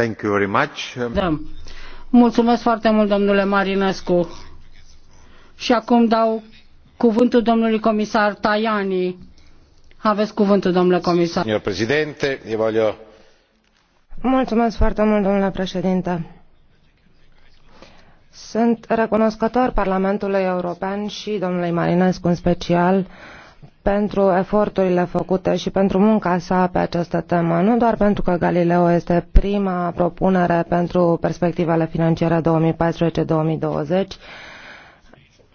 Thank you very much. Da. Mulțumesc foarte mult, domnule Marinescu. Și acum dau cuvântul domnului comisar Tajani. Aveți cuvântul, domnule comisar. Domnule președinte, eu voglio... Mulțumesc foarte mult, domnule președinte. Sunt recunoscător Parlamentului European și domnului Marinescu în special pentru eforturile făcute și pentru munca sa pe această temă, nu doar pentru că Galileo este prima propunere pentru perspectivele financiare 2014-2020,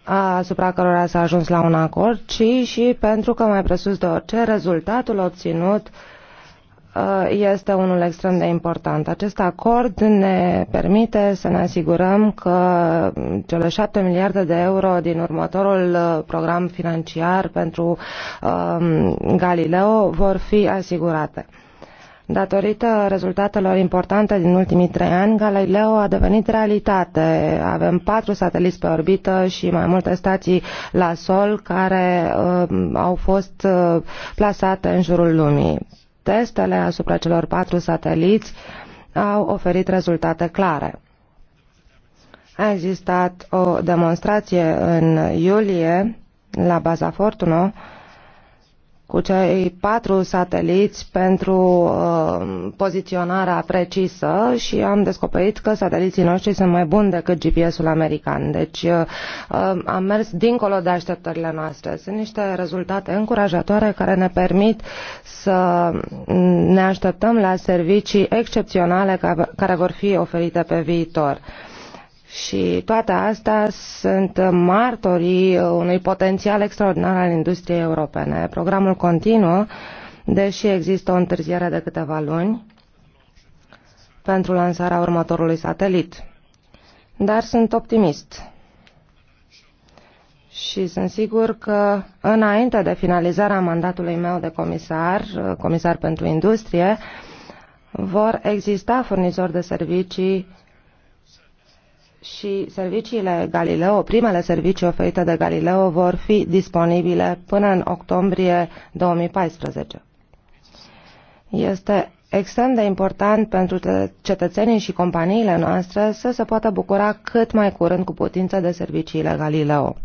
asupra cărora s-a ajuns la un acord, ci și pentru că, mai presus de orice, rezultatul obținut uh, Uh, este unul extrem de important. Acest acord ne permite să ne asigurăm că cele 7 miliarde de euro din următorul uh, program financiar pentru um, Galileo vor fi asigurate. Datorită rezultatelor importante din ultimii trei ani, Galileo a devenit realitate. Avem patru sateliți pe orbită și mai multe stații la sol care uh, au fost uh, plasate în jurul lumii testele asupra celor patru sateliți au oferit rezultate clare. A existat o demonstrație în iulie la baza Fortuno cu cei patru sateliți pentru uh, poziționarea precisă și am descoperit că sateliții noștri sunt mai buni decât GPS-ul american. Deci uh, uh, am mers dincolo de așteptările noastre. Sunt niște rezultate încurajatoare care ne permit să ne așteptăm la servicii excepționale care vor fi oferite pe viitor. Uh, și toate astea sunt martorii unui potențial extraordinar al industriei europene. Programul continuă, deși există o întârziere de câteva luni pentru lansarea următorului satelit. Dar sunt optimist și sunt sigur că înainte de finalizarea mandatului meu de comisar, comisar pentru industrie, vor exista furnizori de servicii și serviciile Galileo, primele servicii oferite de Galileo, vor fi disponibile până în octombrie 2014. Este extrem de important pentru cetățenii și companiile noastre să se poată bucura cât mai curând cu putință de serviciile Galileo.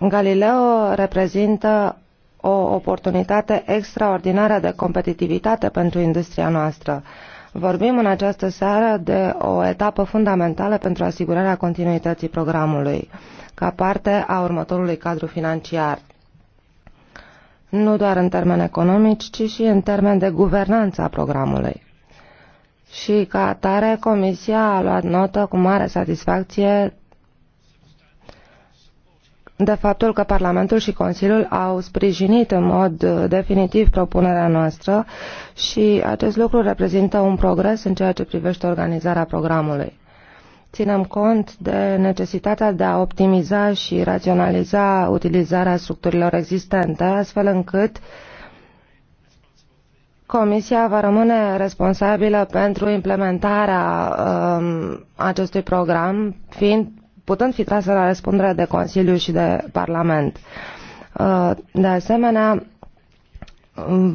Galileo reprezintă o oportunitate extraordinară de competitivitate pentru industria noastră Vorbim în această seară de o etapă fundamentală pentru asigurarea continuității programului, ca parte a următorului cadru financiar nu doar în termeni economici, ci și în termeni de guvernanță a programului. Și ca atare, Comisia a luat notă cu mare satisfacție de faptul că Parlamentul și Consiliul au sprijinit în mod uh, definitiv propunerea noastră și acest lucru reprezintă un progres în ceea ce privește organizarea programului. Ținem cont de necesitatea de a optimiza și raționaliza utilizarea structurilor existente, astfel încât Comisia va rămâne responsabilă pentru implementarea um, acestui program, fiind putând fi trase la răspundere de Consiliu și de Parlament. Uh, de asemenea,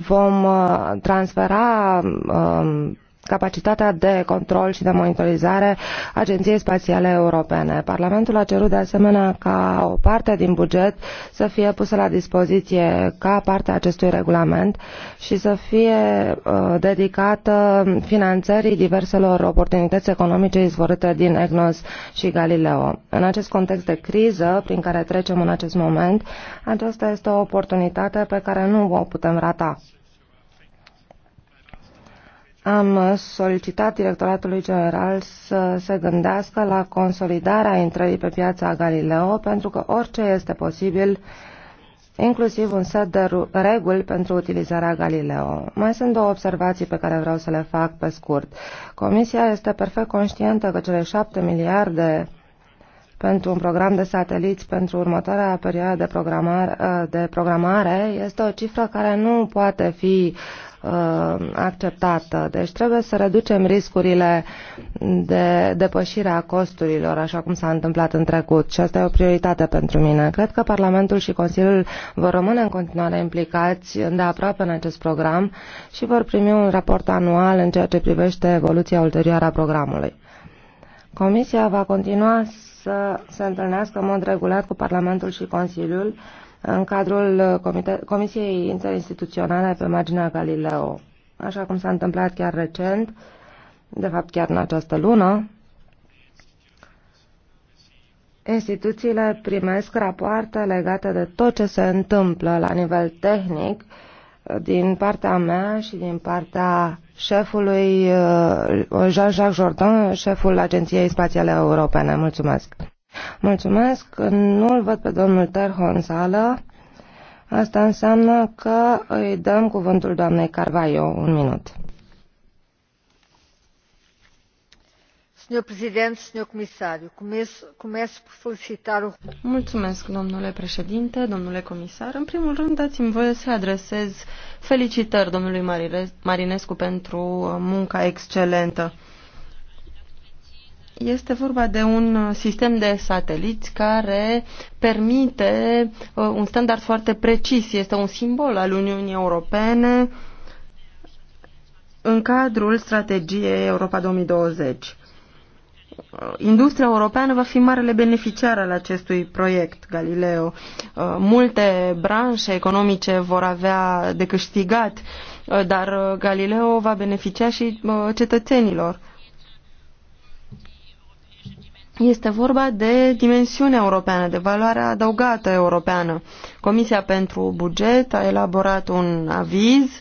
vom uh, transfera um, capacitatea de control și de monitorizare Agenției Spațiale Europene. Parlamentul a cerut de asemenea ca o parte din buget să fie pusă la dispoziție ca parte a acestui regulament și să fie uh, dedicată finanțării diverselor oportunități economice izvorâte din EGNOS și Galileo. În acest context de criză prin care trecem în acest moment, aceasta este o oportunitate pe care nu o putem rata am solicitat Directoratului General să se gândească la consolidarea intrării pe piața Galileo, pentru că orice este posibil, inclusiv un set de reguli pentru utilizarea Galileo. Mai sunt două observații pe care vreau să le fac pe scurt. Comisia este perfect conștientă că cele șapte miliarde pentru un program de sateliți pentru următoarea perioadă de programare, uh, de programare este o cifră care nu poate fi uh, acceptată. Deci trebuie să reducem riscurile de depășire a costurilor, așa cum s-a întâmplat în trecut. Și asta e o prioritate pentru mine. Cred că Parlamentul și Consiliul vor rămâne în continuare implicați de aproape în acest program și vor primi un raport anual în ceea ce privește evoluția ulterioară a programului. Comisia va continua să se întâlnească în mod regulat cu Parlamentul și Consiliul în cadrul uh, Comisiei Interinstituționale pe marginea Galileo. Așa cum s-a întâmplat chiar recent, de fapt chiar în această lună, instituțiile primesc rapoarte legate de tot ce se întâmplă la nivel tehnic uh, din partea mea și din partea șefului uh, Jean-Jacques Jordan, șeful Agenției Spațiale Europene. Mulțumesc! Mulțumesc! Nu-l văd pe domnul Terho în sală. Asta înseamnă că îi dăm cuvântul doamnei Carvaio un minut. domnule președinte domnule comisar în primul rând dați mi voie să i adresez felicitări domnului marinescu pentru uh, munca excelentă. este vorba de un uh, sistem de sateliți care permite uh, un standard foarte precis este un simbol al uniunii europene în cadrul strategiei europa 2020 industria europeană va fi marele beneficiar al acestui proiect Galileo. Uh, multe branșe economice vor avea de câștigat, uh, dar uh, Galileo va beneficia și cetățenilor. Este vorba de dimensiunea europeană, de valoarea adăugată europeană. Comisia pentru buget a elaborat un aviz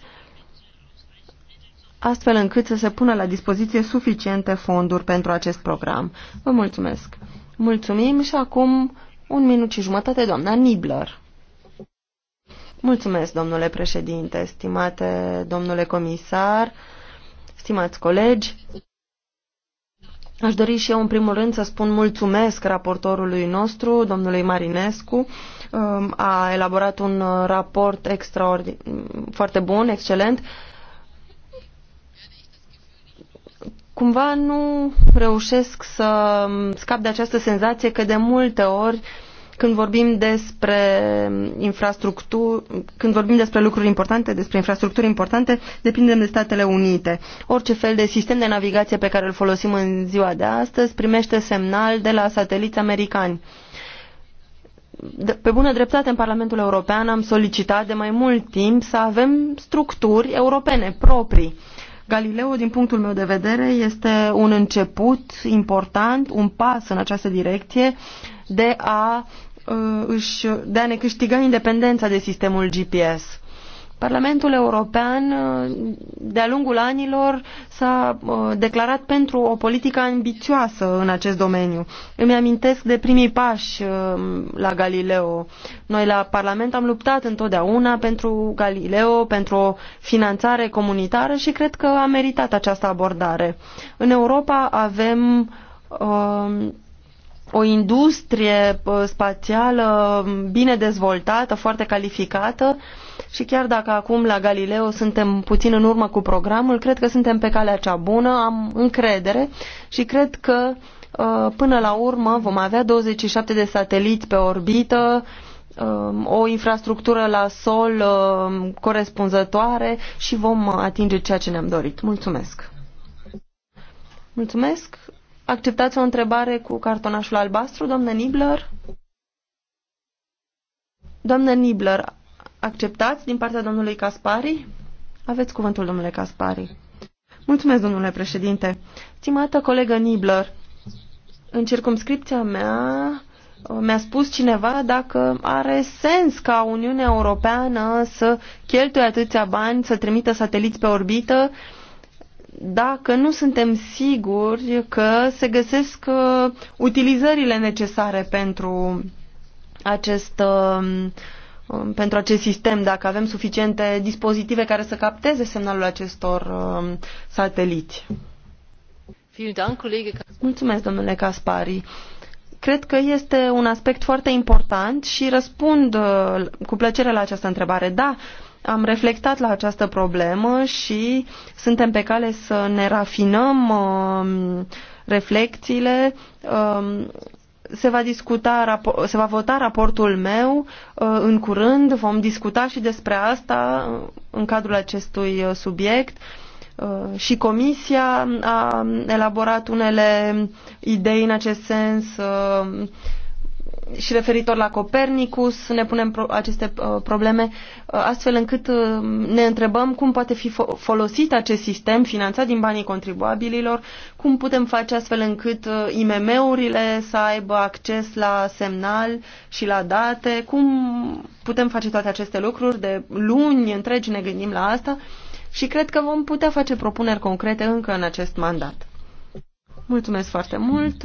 astfel încât să se pună la dispoziție suficiente fonduri pentru acest program. Vă mulțumesc! Mulțumim și acum un minut și jumătate, doamna Nibler. Mulțumesc, domnule președinte, stimate domnule comisar, stimați colegi. Aș dori și eu, în primul rând, să spun mulțumesc raportorului nostru, domnului Marinescu. Um, a elaborat un raport extraordin... foarte bun, excelent cumva nu reușesc să scap de această senzație că de multe ori când vorbim despre infrastructuri, când vorbim despre lucruri importante, despre infrastructuri importante, depindem de Statele Unite. Orice fel de sistem de navigație pe care îl folosim în ziua de astăzi primește semnal de la sateliți americani. Pe bună dreptate, în Parlamentul European am solicitat de mai mult timp să avem structuri europene proprii Galileo, din punctul meu de vedere, este un început important, un pas în această direcție de a, uh, de a ne câștiga independența de sistemul GPS Parlamentul European, uh, de-a lungul anilor, s-a uh, declarat pentru o politică ambițioasă în acest domeniu. Îmi amintesc de primii pași uh, la Galileo. Noi la Parlament am luptat întotdeauna pentru Galileo, pentru o finanțare comunitară și cred că a meritat această abordare. În Europa avem o industrie spațială bine dezvoltată, foarte calificată, și chiar dacă acum la Galileo suntem puțin în urmă cu programul, cred că suntem pe calea cea bună, am încredere și cred că uh, până la urmă vom avea 27 de sateliți pe orbită, um, o infrastructură la sol um, corespunzătoare și vom atinge ceea ce ne-am dorit. Mulțumesc! Mulțumesc! Acceptați o întrebare cu cartonașul albastru, doamnă Nibler? Doamnă Nibler, acceptați din partea domnului Caspari? Aveți cuvântul, domnule Caspari. Mulțumesc, domnule președinte. Stimată colegă Nibler, în circumscripția mea mi-a spus cineva dacă are sens ca Uniunea Europeană să cheltuie atâția bani, să trimită sateliți pe orbită, dacă nu suntem siguri că se găsesc uh, utilizările necesare pentru acest uh, Um, pentru acest sistem, dacă avem suficiente dispozitive care să capteze semnalul acestor um, sateliți. Mulțumesc, domnule Caspari. Cred că este un aspect foarte important și răspund uh, cu plăcere la această întrebare. Da, am reflectat la această problemă și suntem pe cale să ne rafinăm um, reflecțiile se va, discuta, se va vota raportul meu uh, în curând, vom discuta și despre asta uh, în cadrul acestui uh, subiect și Comisia a elaborat unele idei în acest sens și referitor la Copernicus ne punem pro aceste uh, probleme uh, astfel încât uh, ne întrebăm cum poate fi folosit acest sistem finanțat din banii contribuabililor, cum putem face astfel încât IMM-urile să aibă acces la semnal și la date, cum putem face toate aceste lucruri, de luni întregi ne gândim la asta și cred că vom putea face propuneri concrete încă în acest mandat. Mulțumesc foarte mult!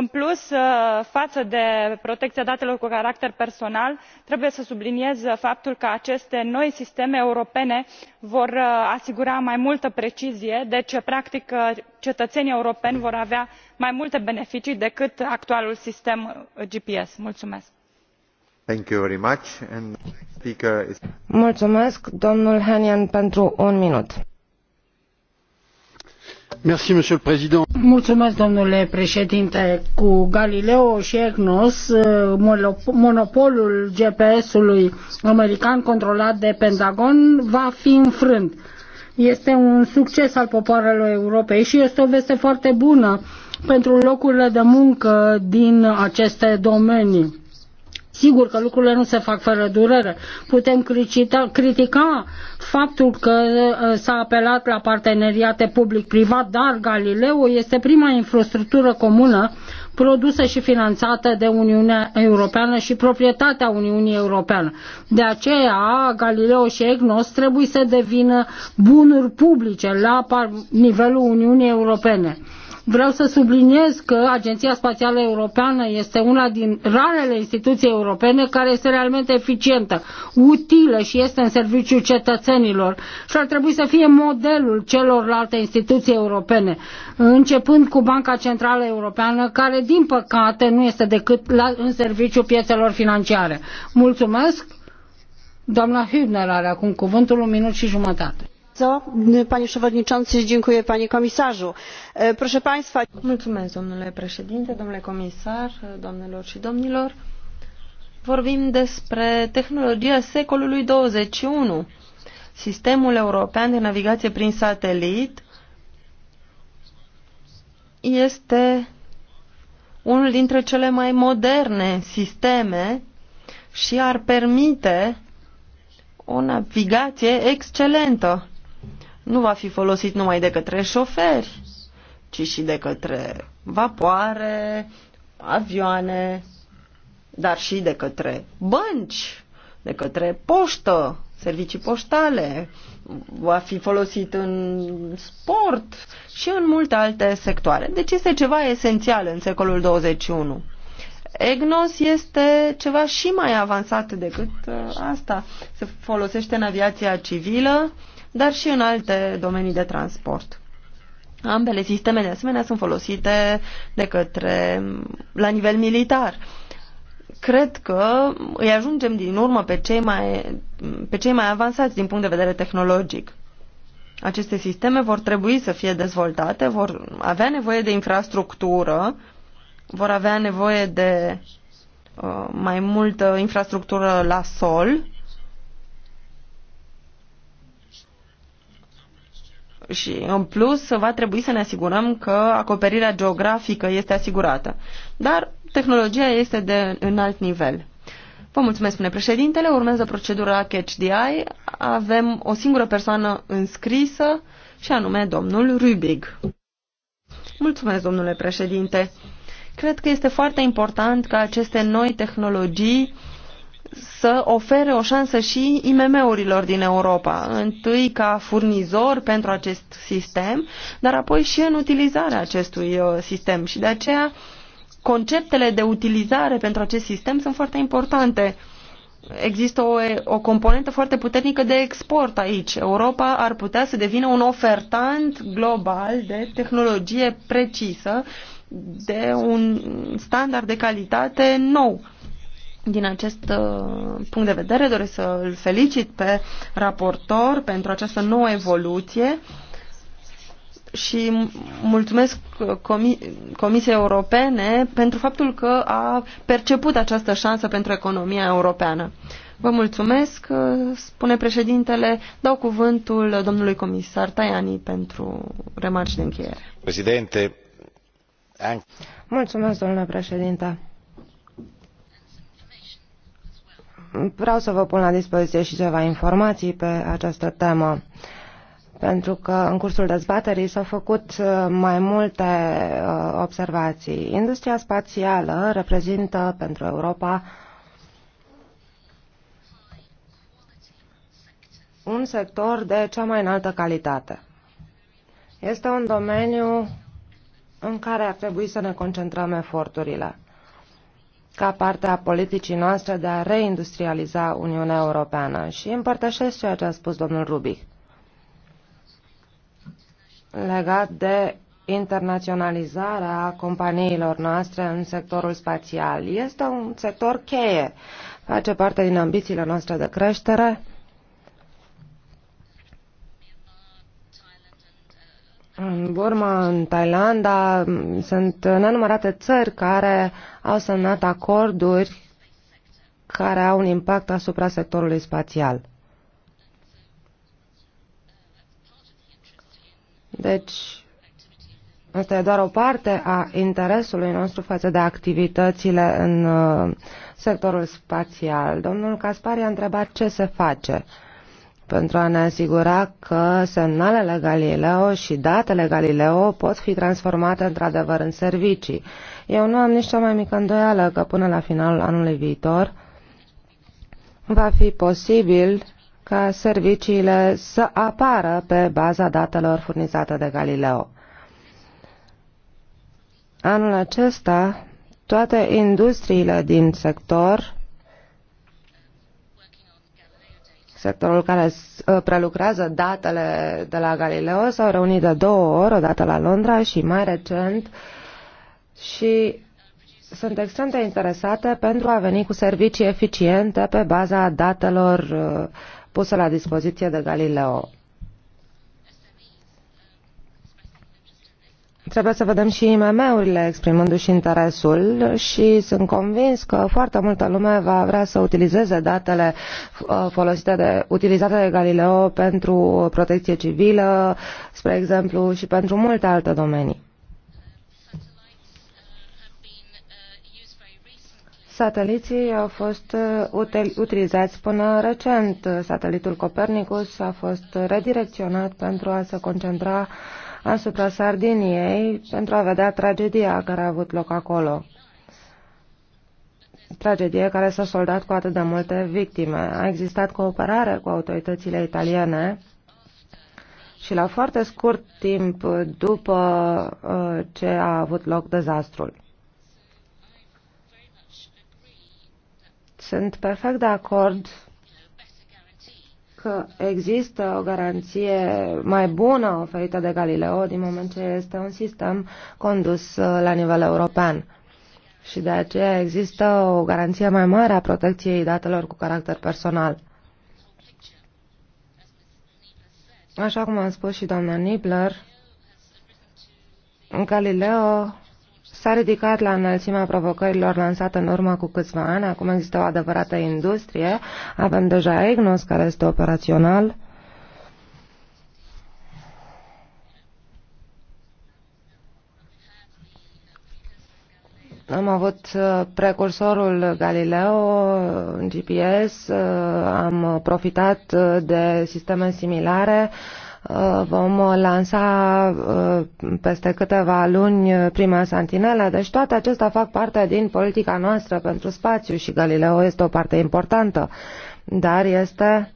în plus uh, față de protecția datelor cu caracter personal trebuie să subliniez faptul că aceste noi sisteme europene vor uh, asigura mai multă precizie deci uh, practic cetățenii europeni vor avea mai multe beneficii decât actualul sistem gps. mulțumesc. Mulțumesc, domnul pentru un minut. Mulțumesc, domnule președinte. Cu Galileo și EGNOS, uh, monopolul GPS-ului american controlat de Pentagon va fi înfrânt. Este un succes al popoarelor Europei și este o veste foarte bună pentru locurile de muncă din aceste domenii sigur că lucrurile nu se fac fără durere. Putem critica, critica faptul că uh, s-a apelat la parteneriate public-privat, dar Galileo este prima infrastructură comună produsă și finanțată de Uniunea Europeană și proprietatea Uniunii Europeană. De aceea, Galileo și EGNOS trebuie să devină bunuri publice la nivelul Uniunii Europene Vreau să subliniez că Agenția Spațială Europeană este una din rarele instituții europene care este realmente eficientă, utilă și este în serviciul cetățenilor și ar trebui să fie modelul celorlalte instituții europene, începând cu Banca Centrală Europeană, care din păcate nu este decât la, în serviciul piețelor financiare. Mulțumesc! Doamna Hübner are acum cuvântul un minut și jumătate panie przewodniczący! dziękuję panie komisarzu. proszę państwa. mulțumesc domnule președinte domnule comisar doamnelor și domnilor vorbim despre tehnologia secolului xxi sistemul european de navigație prin satelit este unul dintre cele mai moderne sisteme și ar permite o navigație excelentă nu va fi folosit numai de către șoferi, ci și de către vapoare, avioane, dar și de către bănci, de către poștă, servicii poștale, va fi folosit în sport și în multe alte sectoare. Deci este ceva esențial în secolul 21. EGNOS este ceva și mai avansat decât uh, asta. Se folosește în aviația civilă, dar și în alte domenii de transport. Ambele sisteme, de asemenea, sunt folosite de către, la nivel militar. Cred că îi ajungem din urmă pe cei mai, pe cei mai avansați din punct de vedere tehnologic. Aceste sisteme vor trebui să fie dezvoltate, vor avea nevoie de infrastructură, vor avea nevoie de uh, mai multă infrastructură la sol, și în plus va trebui să ne asigurăm că acoperirea geografică este asigurată. Dar tehnologia este de alt nivel. Vă mulțumesc, spune președintele. Urmează procedura Catch the Eye. Avem o singură persoană înscrisă și anume domnul Rubig. Mulțumesc, domnule președinte. Cred că este foarte important ca aceste noi tehnologii să ofere o șansă și IMM-urilor din Europa, întâi ca furnizor pentru acest sistem, dar apoi și în utilizarea acestui uh, sistem. Și de aceea conceptele de utilizare pentru acest sistem sunt foarte importante. Există o, o componentă foarte puternică de export aici. Europa ar putea să devină un ofertant global de tehnologie precisă, de un standard de calitate nou din acest uh, punct de vedere doresc să îl felicit pe raportor pentru această nouă evoluție și mulțumesc uh, Comisiei Europene pentru faptul că a perceput această șansă pentru economia europeană. Vă mulțumesc, uh, spune președintele. Dau cuvântul domnului comisar Tajani pentru remarci de încheiere. Președinte, mulțumesc, domnule președinte. vreau să vă pun la dispoziție și ceva informații pe această temă pentru că în cursul dezbaterii s-au făcut uh, mai multe uh, observații. Industria spațială reprezintă pentru Europa un sector de cea mai înaltă calitate. Este un domeniu în care ar trebui să ne concentrăm eforturile ca parte a politicii noastre de a reindustrializa Uniunea Europeană și împărtășesc ceea ce a spus domnul Rubic legat de internaționalizarea companiilor noastre în sectorul spațial. Este un sector cheie, face parte din ambițiile noastre de creștere Burma, în Thailanda, sunt nenumărate țări care au semnat acorduri care au un impact asupra sectorului spațial. Deci, asta e doar o parte a interesului nostru față de activitățile în uh, sectorul spațial. Domnul Caspari a întrebat ce se face. Uh, pentru a ne asigura că semnalele Galileo și datele Galileo pot fi transformate într-adevăr în servicii. Eu nu am nici cea mai mică îndoială că până la finalul anului viitor va fi posibil ca serviciile să apară pe baza datelor furnizate de Galileo. Anul acesta, toate industriile din sector sectorul care uh, prelucrează datele de la Galileo s-au reunit de două ori, o dată la Londra și mai recent și sunt extrem de interesate pentru a veni cu servicii eficiente pe baza datelor uh, puse la dispoziție de Galileo. Trebuie să vedem și IMM-urile exprimându-și interesul și sunt convins că foarte multă lume va vrea să utilizeze datele uh, folosite de, utilizate de Galileo pentru protecție civilă, spre exemplu, și pentru multe alte domenii. Sateliții au fost uh, utilizați până recent. Satelitul Copernicus a fost redirecționat pentru a se concentra uh, asupra Sardiniei pentru a vedea tragedia care a avut loc acolo. Tragedie care s-a soldat cu atât de multe victime. A existat cooperare cu autoritățile italiene și la foarte scurt timp după uh, ce a avut loc dezastrul. Sunt perfect de acord că există o garanție mai bună oferită de Galileo din moment ce este un sistem condus uh, la nivel european. Și de aceea există o garanție mai mare a protecției datelor cu caracter personal. Așa cum a spus și doamna Nibler, Galileo s-a ridicat la înălțimea provocărilor lansate în urmă cu câțiva ani. Acum există o adevărată industrie. Avem deja EGNOS care este operațional. Am avut uh, precursorul Galileo uh, GPS, uh, am profitat de sisteme similare. Uh, vom lansa uh, peste câteva luni uh, prima santinelă, deci toate acestea fac parte din politica noastră pentru spațiu și Galileo este o parte importantă, dar este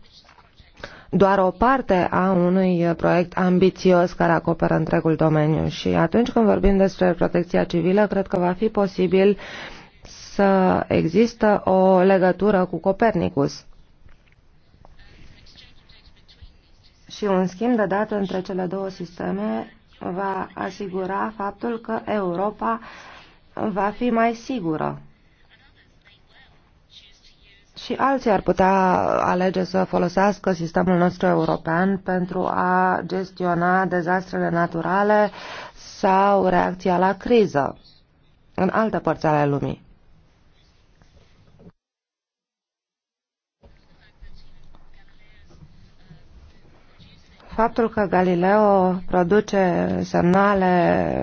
doar o parte a unui proiect ambițios care acoperă întregul domeniu și atunci când vorbim despre protecția civilă, cred că va fi posibil să există o legătură cu Copernicus și un schimb de date între cele două sisteme va asigura faptul că Europa va fi mai sigură. Și alții ar putea alege să folosească sistemul nostru european pentru a gestiona dezastrele naturale sau reacția la criză în alte părți ale lumii. faptul că Galileo produce semnale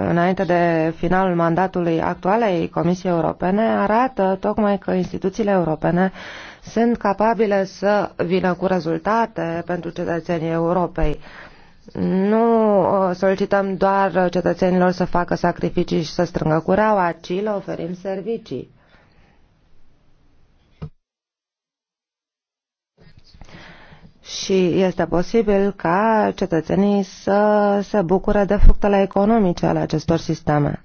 înainte de finalul mandatului actualei Comisiei Europene arată tocmai că instituțiile europene sunt capabile să vină cu rezultate pentru cetățenii Europei. Nu uh, solicităm doar cetățenilor să facă sacrificii și să strângă cureaua, ci le oferim servicii. și este posibil ca cetățenii să se bucure de fructele economice ale acestor sisteme.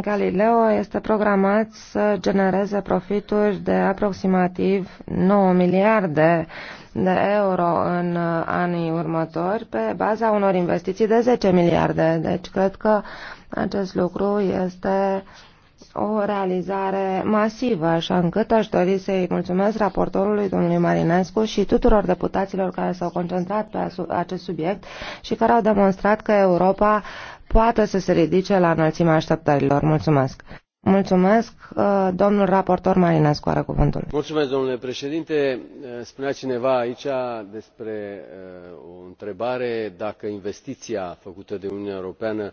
Galileo este programat să genereze profituri de aproximativ 9 miliarde de euro în anii următori pe baza unor investiții de 10 miliarde. Deci cred că acest lucru este uh, o realizare masivă, așa încât aș dori să-i mulțumesc raportorului domnului Marinescu și tuturor deputaților care s-au concentrat pe acest subiect și care au demonstrat că Europa poate să se ridice la înălțimea așteptărilor. Mulțumesc! Mulțumesc. Uh, domnul raportor Marinescu are cuvântul. Mulțumesc, domnule președinte. Uh, spunea cineva aici despre uh, o întrebare dacă investiția făcută de Uniunea Europeană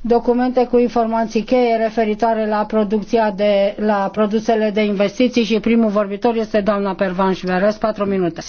documente cu informații cheie referitoare la producția de, la produsele de investiții și primul vorbitor este doamna Pervanș Veres, patru minute.